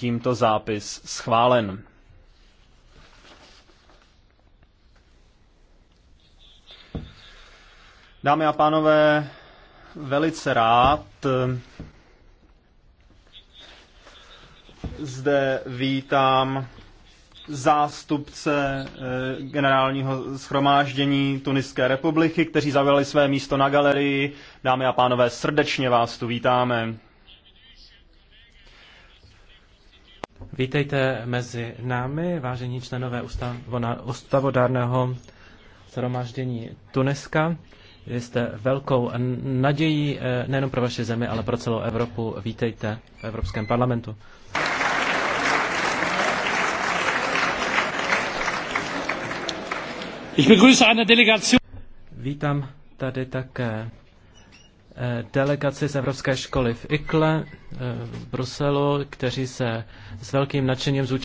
tímto zápis schválen. Dámy a pánové, velice rád eh, zde vítám zástupce eh, generálního schromáždění Tuniské republiky, kteří zavěli své místo na galerii. Dámy a pánové, srdečně vás tu vítáme. Vítejte mezi námi, vážení členové ustavodárného shromáždění Tuneska. Vy jste velkou nadějí eh, nejen pro vaše zemi, ale pro celou Evropu. Vítejte v Evropském parlamentu. Ich begrüße eine Delegation. Vítám tady také eh, delegaci z Evropské školy v Ikle v Bruselu, kteří se s velkým nadšením zúčastnili